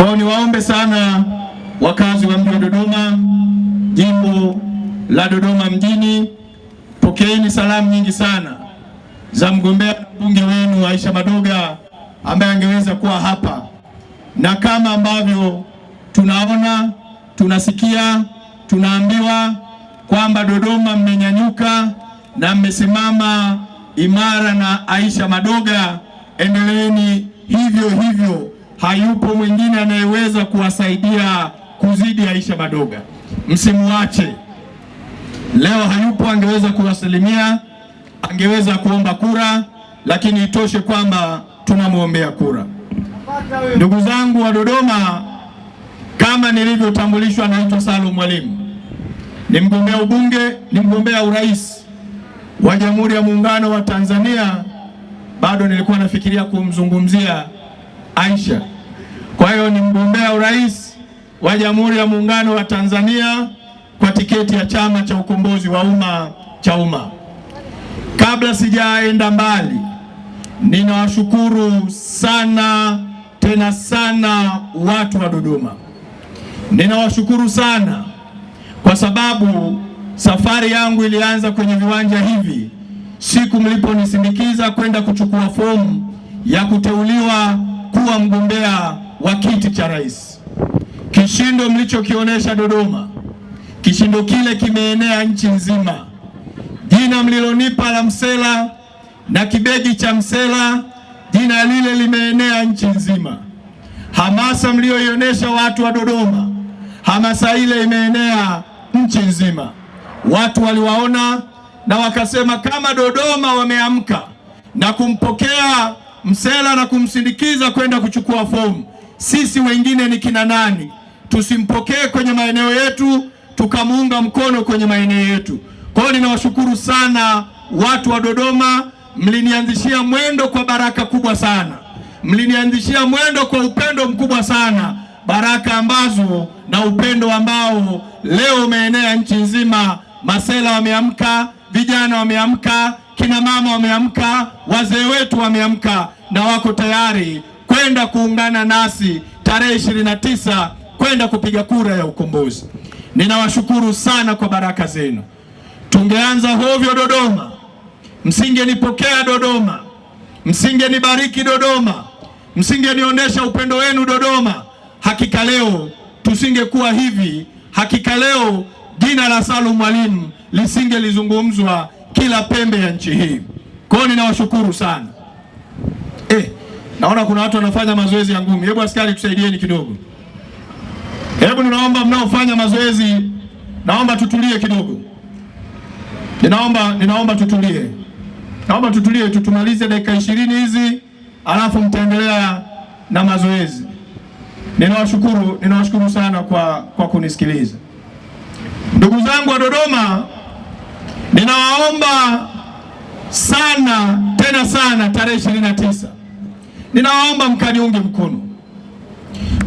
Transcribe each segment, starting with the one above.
Kwa hiyo niwaombe sana wakazi wa mji wa Dodoma, jimbo la Dodoma mjini, pokeeni salamu nyingi sana za mgombea mbunge wenu Aisha Madoga ambaye angeweza kuwa hapa, na kama ambavyo tunaona tunasikia tunaambiwa kwamba Dodoma mmenyanyuka na mmesimama imara na Aisha Madoga, endeleeni hivyo hivyo hayupo mwingine anayeweza kuwasaidia kuzidi Aisha Madoga, msimuache. Leo hayupo, angeweza kuwasalimia, angeweza kuomba kura, lakini itoshe kwamba tunamwombea kura. Ndugu zangu wa Dodoma, kama nilivyotambulishwa, naitwa Salum Mwalimu, ni mgombea ubunge, ni mgombea urais wa Jamhuri ya Muungano wa Tanzania. Bado nilikuwa nafikiria kumzungumzia Aisha. Kwa hiyo ni mgombea urais wa Jamhuri ya Muungano wa Tanzania kwa tiketi ya Chama cha Ukombozi wa Umma cha umma Kabla sijaenda mbali, ninawashukuru sana tena sana watu wa Dodoma, ninawashukuru sana kwa sababu safari yangu ilianza kwenye viwanja hivi siku mliponisindikiza kwenda kuchukua fomu ya kuteuliwa kuwa mgombea wa kiti cha rais. Kishindo mlichokionyesha Dodoma, kishindo kile kimeenea nchi nzima. Jina mlilonipa la Msela na kibegi cha Msela, jina lile limeenea nchi nzima. Hamasa mliyoionyesha watu wa Dodoma, hamasa ile imeenea nchi nzima. Watu waliwaona na wakasema, kama Dodoma wameamka na kumpokea msela na kumsindikiza kwenda kuchukua fomu. Sisi wengine ni kina nani? Tusimpokee kwenye maeneo yetu tukamuunga mkono kwenye maeneo yetu. Kwa hiyo ninawashukuru sana watu wa Dodoma, mlinianzishia mwendo kwa baraka kubwa sana, mlinianzishia mwendo kwa upendo mkubwa sana, baraka ambazo na upendo ambao leo umeenea nchi nzima. Masela wameamka, vijana wameamka, kina mama wameamka, wazee wetu wameamka na wako tayari kwenda kuungana nasi tarehe tisa kwenda kupiga kura ya ukombozi. Ninawashukuru sana kwa baraka zenu. Tungeanza hovyo Dodoma, msingenipokea Dodoma, msingenibariki Dodoma, msingenionyesha upendo wenu Dodoma, hakika leo tusingekuwa hivi. Hakika leo jina la Salum Mwalimu lisingelizungumzwa kila pembe ya nchi hii. Kwao ninawashukuru sana eh. Naona kuna watu wanafanya mazoezi ya ngumi. Hebu askari tusaidieni kidogo. Hebu ninaomba mnaofanya mazoezi, naomba tutulie kidogo. Ninaomba, ninaomba tutulie, naomba tutulie, tutumalize dakika ishirini hizi, alafu mtaendelea na mazoezi. Ninawashukuru, ninawashukuru sana kwa, kwa kunisikiliza ndugu zangu wa Dodoma. Ninawaomba sana tena sana, tarehe ishirini na tisa ninawaomba mkaniunge mkono.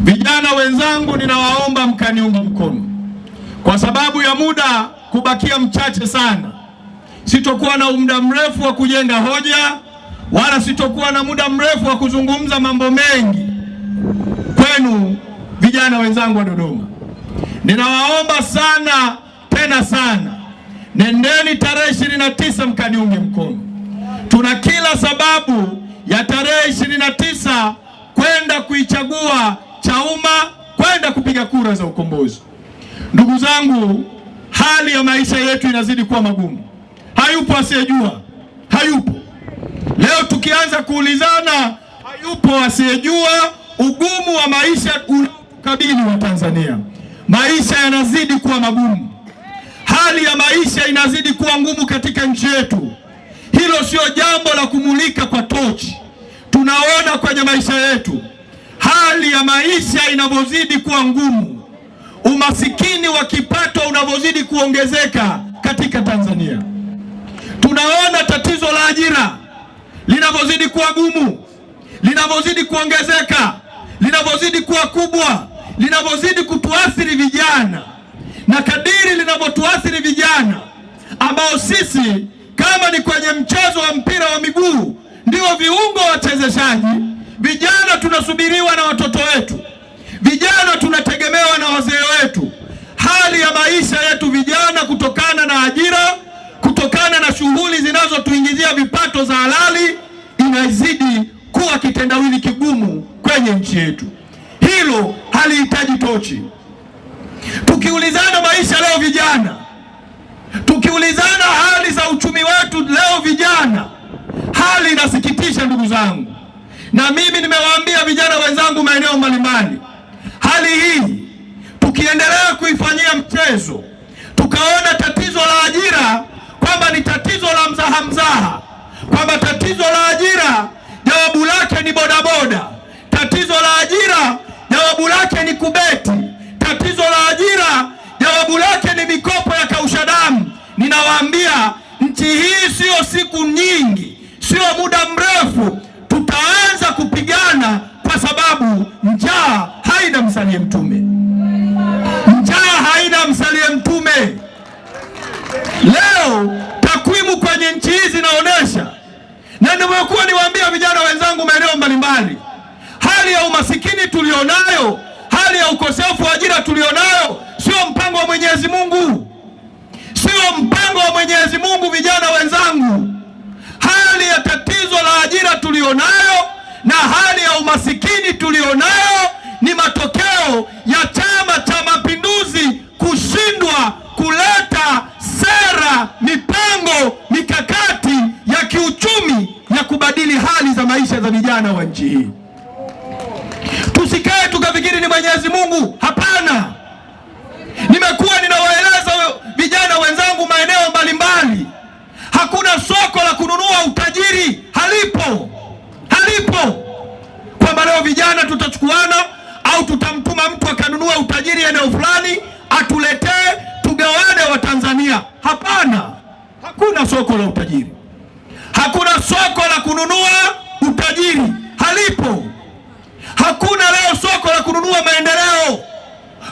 Vijana wenzangu, ninawaomba mkaniunge mkono kwa sababu ya muda kubakia mchache sana. Sitokuwa na muda mrefu wa kujenga hoja wala sitokuwa na muda mrefu wa kuzungumza mambo mengi kwenu. Vijana wenzangu wa Dodoma, ninawaomba sana tena sana Nendeni tarehe ishirini na tisa mkaniunge mkono. Tuna kila sababu ya tarehe ishirini na tisa kwenda kuichagua Chauma kwenda kupiga kura za ukombozi. Ndugu zangu, hali ya maisha yetu inazidi kuwa magumu, hayupo asiyejua, hayupo. Leo tukianza kuulizana, hayupo asiyejua ugumu wa maisha unaokabili wa Tanzania. Maisha yanazidi kuwa magumu hali ya maisha inazidi kuwa ngumu katika nchi yetu. Hilo sio jambo la kumulika kwa tochi. Tunaona kwenye maisha yetu hali ya maisha inavyozidi kuwa ngumu, umasikini wa kipato unavyozidi kuongezeka katika Tanzania. Tunaona tatizo la ajira linavyozidi kuwa gumu, linavyozidi kuongezeka, linavyozidi kuwa kubwa, linavyozidi kutuathiri vijana na kadiri linavyotuathiri vijana ambao sisi kama ni kwenye mchezo wa mpira wa miguu ndio viungo wachezeshaji, vijana tunasubiriwa na watoto wetu, vijana tunategemewa na wazee wetu. Hali ya maisha yetu vijana, kutokana na ajira, kutokana na shughuli zinazotuingizia vipato za halali, inazidi kuwa kitendawili kigumu kwenye nchi yetu. Hilo halihitaji tochi tukiulizana maisha leo vijana, tukiulizana hali za uchumi wetu leo vijana, hali inasikitisha ndugu zangu, na mimi nimewaambia vijana wenzangu maeneo mbalimbali, hali hii tukiendelea kuifanyia mchezo, tukaona tatizo la ajira kwamba ni tatizo la mzaha mzaha, kwamba tatizo la ajira jawabu lake ni bodaboda, tatizo la ajira jawabu lake ni kubeti tatizo la ajira, jawabu lake ni mikopo ya kausha damu. Ninawaambia nchi hii siyo siku nyingi, sio muda mrefu tutaanza kupigana, kwa sababu njaa haina msalie mtume, njaa haina msalie mtume. Leo takwimu kwenye nchi hii zinaonyesha, na nimekuwa niwaambia vijana wenzangu maeneo mbalimbali, hali ya umasikini tulionayo hali ya ukosefu wa ajira tulionayo sio mpango wa Mwenyezi Mungu, sio mpango wa Mwenyezi Mungu. Vijana wenzangu, hali ya tatizo la ajira tulionayo na hali ya umasikini tulionayo ni matokeo ya Chama cha Mapinduzi kushindwa kuleta sera, mipango, mikakati ya kiuchumi ya kubadili hali za maisha za vijana wa nchi hii nafikiri ni Mwenyezi Mungu. Hapana, nimekuwa ninawaeleza vijana wenzangu maeneo mbalimbali, hakuna soko la kununua utajiri, halipo, halipo, kwamba leo vijana tutachukuana au tutamtuma mtu akanunua utajiri eneo fulani atuletee tugawane Watanzania. Hapana, hakuna soko la utajiri, hakuna soko la kununua utajiri, halipo. Hakuna leo soko la kununua maendeleo,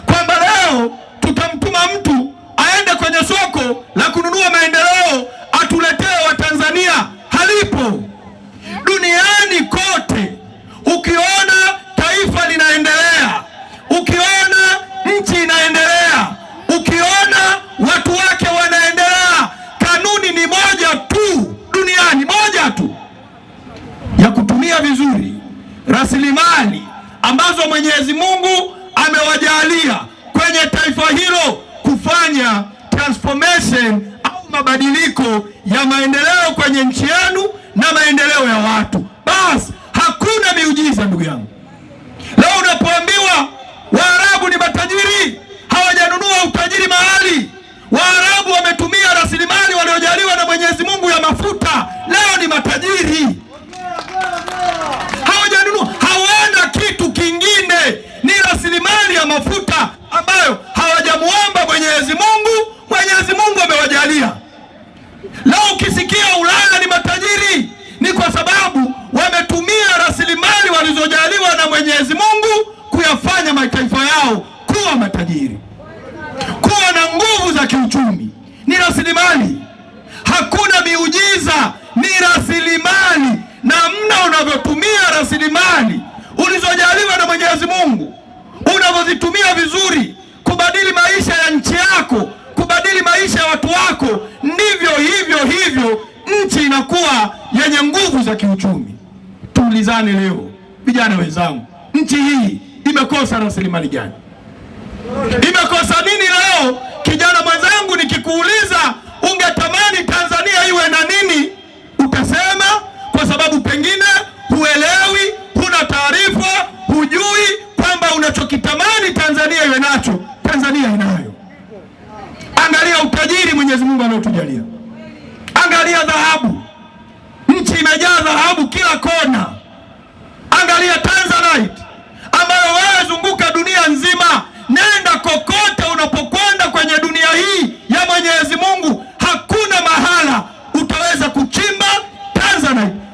kwamba leo tutamtuma mtu aende kwenye soko la kununua maendeleo atuletee Watanzania, halipo duniani kote. Ukiona taifa linaendelea ambazo Mwenyezi Mungu amewajalia kwenye taifa hilo kufanya transformation au mabadiliko ya maendeleo kwenye nchi yenu na maendeleo ya watu, basi hakuna miujiza ndugu yangu. Leo unapoambiwa Waarabu ni matajiri, hawajanunua utajiri mahali. Waarabu wametumia rasilimali waliojaliwa ni rasilimali, namna unavyotumia rasilimali ulizojaliwa na Mwenyezi Mungu, unavyozitumia vizuri kubadili maisha ya nchi yako, kubadili maisha ya watu wako, ndivyo hivyo hivyo nchi inakuwa yenye nguvu za kiuchumi. Tuulizane leo, vijana wenzangu, nchi hii imekosa rasilimali gani? Imekosa nini leo? Kijana mwenzangu, nikikuuliza ungetamani Tanzania iwe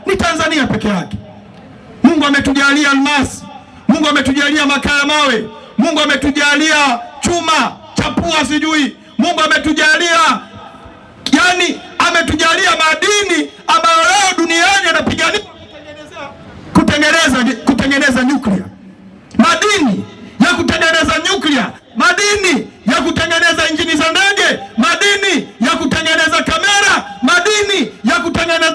ni Tanzania peke yake. Mungu ametujalia almasi, Mungu ametujalia makaa ya mawe, Mungu ametujalia chuma chapua, sijui Mungu ametujalia yani, ametujalia madini ambayo leo duniani yanapigania kutengeneza kutengeneza nyuklia, madini ya kutengeneza nyuklia, madini ya kutengeneza injini za ndege, madini ya kutengeneza kamera, madini ya kutengeneza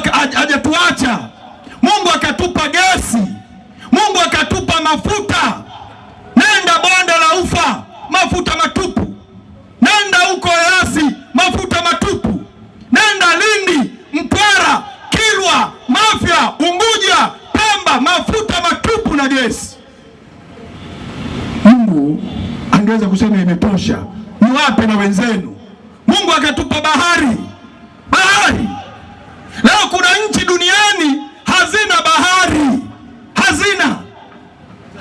hajatuacha, Mungu akatupa gesi, Mungu akatupa mafuta. Nenda bonde la ufa, mafuta matupu. Nenda huko Yasi, mafuta matupu. Nenda Lindi, Mtwara, Kilwa, Mafia, Unguja, Pemba, mafuta matupu na gesi. Mungu angeweza kusema imetosha, niwape na wenzenu. Mungu akatupa bahari, bahari Leo kuna nchi duniani hazina bahari, hazina.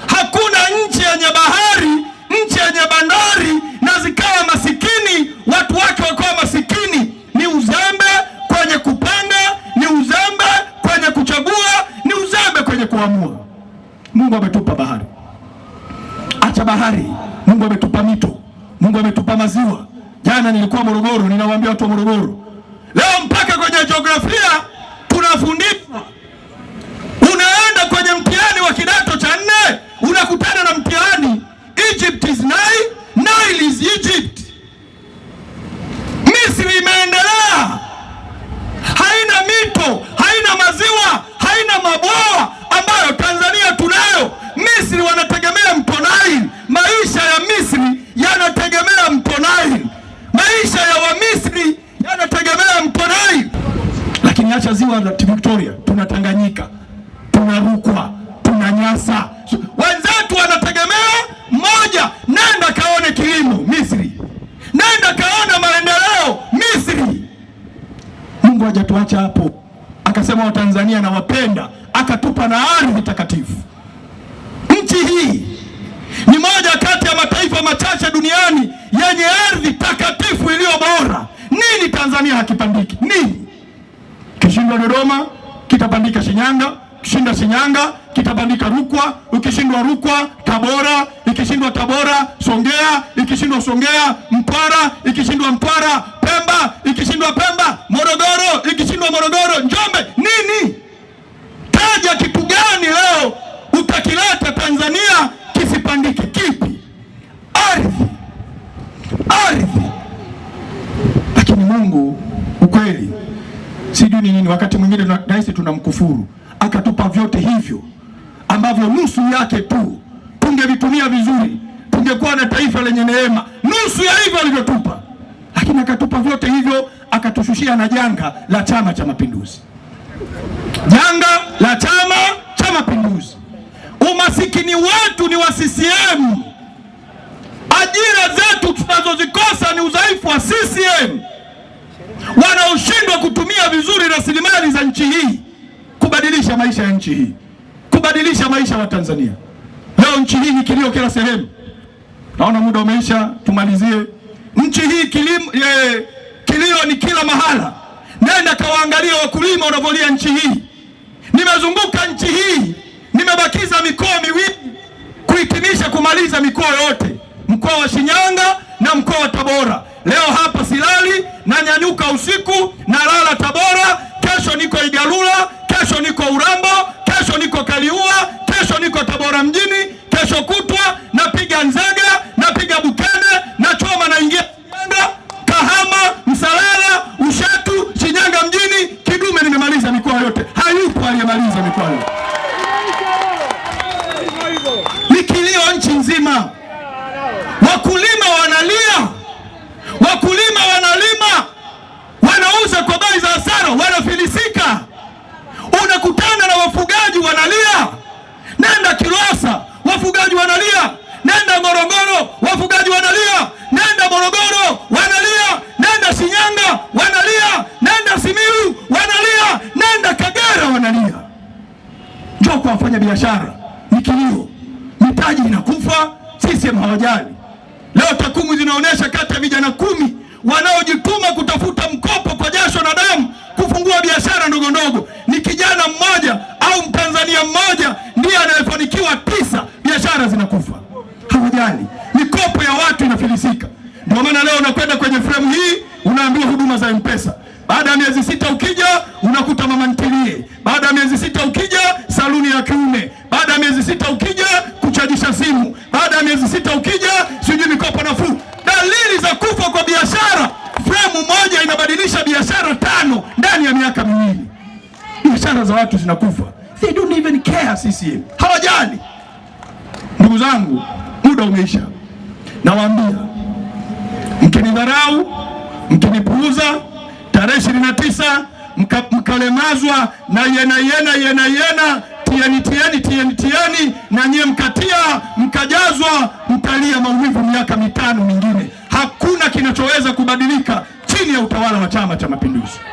Hakuna nchi yenye bahari, nchi yenye bandari na zikawa masikini, watu wake wakawa masikini. Ni uzembe kwenye kupanga, ni uzembe kwenye kuchagua, ni uzembe kwenye kuamua. Mungu ametupa bahari, acha bahari. Mungu ametupa mito, Mungu ametupa maziwa. Jana nilikuwa Morogoro, ninawaambia watu wa Morogoro leo ya jiografia tunafundishwa, unaenda kwenye mtihani wa kidato cha nne unakutana na mtihani Egypt is Nile, Nile is Egypt. Misri imeendelea, haina mito, haina maziwa, haina mabwawa ambayo Tanzania tunayo. Misri wanategemea mto Nile, maisha ya Misri yanategemea mto Nile. tumeacha ziwa la Victoria, tuna Tanganyika, tuna Rukwa, tuna Nyasa. Wenzetu wanategemea moja, nenda kaone kilimo Misri, nenda kaona maendeleo Misri. Mungu hajatuacha hapo, akasema Watanzania nawapenda, akatupa na ardhi takatifu. Nchi hii ni moja kati ya mataifa machache duniani yenye ardhi takatifu iliyo bora. Nini Tanzania hakipandiki? Nini? ukishindwa Dodoma kitapandika Shinyanga, ukishinda Shinyanga kitapandika Rukwa, ukishindwa Rukwa Tabora, ikishindwa Tabora Songea, ikishindwa Songea Mtwara, ikishindwa Mpara Pemba, ikishindwa Pemba Morogoro, ikishindwa Morogoro Njombe. Nini? Taja kitu gani leo utakileta Tanzania kisipandike? Kipi? Ardhi, ardhi. Lakini Mungu ukweli sijui ni nini. Wakati mwingine rais tunamkufuru, akatupa vyote hivyo ambavyo nusu yake tu tungevitumia vizuri, tungekuwa na taifa lenye neema, nusu ya hivyo alivyotupa. Lakini akatupa vyote hivyo, akatushushia na janga la Chama cha Mapinduzi, janga la Chama cha Mapinduzi. Umasikini wetu ni wa CCM, ajira zetu tunazozikosa ni udhaifu wa CCM wanaoshindwa kutumia vizuri rasilimali za nchi hii kubadilisha maisha ya nchi hii, kubadilisha maisha ya Tanzania. Leo nchi hii ni kilio kila sehemu. Naona muda umeisha, tumalizie. Nchi hii kilimo, ye, kilio ni kila mahala. Nenda kawaangalia wakulima wanavyolia nchi hii. Nimezunguka nchi hii, nimebakiza mikoa miwili kuhitimisha kumaliza mikoa yote, mkoa wa Shinyanga na mkoa wa Tabora. Leo hapa silali na nyanyuka usiku na lala Tabora. kwa bai za hasara wanafilisika. Unakutana na wafugaji wanalia, nenda Kilosa wafugaji wanalia, nenda Morogoro wafugaji wanalia, nenda Morogoro wanalia, nenda Shinyanga wanalia, nenda Simiyu wanalia, nenda Kagera wanalia. Njoo kwa wafanya biashara ni kilio, mitaji inakufa, sisi hawajali. Leo takwimu zinaonyesha kati ya vijana kumi wanaojituma kutafuta mkopo kwa jasho na damu kufungua biashara ndogo ndogo. Ni kijana mmoja au mtanzania mmoja ndiye anayefanikiwa tisa, biashara zinakufa. Hawajali, mikopo ya watu inafilisika. Ndio maana leo unakwenda kwenye fremu hii unaambiwa huduma za Mpesa, baada ya miezi sita ukija unakuta mama ntilie, baada ya miezi sita ukija saluni ya kiume miaka miwili, biashara za watu zinakufa. They don't even care. CCM hawajali. Ndugu zangu, muda umeisha. Nawaambia, mkinidharau, mkinipuuza, tarehe 29 mka, mkalemazwa na yena yena yena yena tieni tieni tieni tieni, na nyie mkatia mkajazwa, mtalia maumivu miaka mitano mingine. Hakuna kinachoweza kubadilika chini ya utawala wa Chama cha Mapinduzi.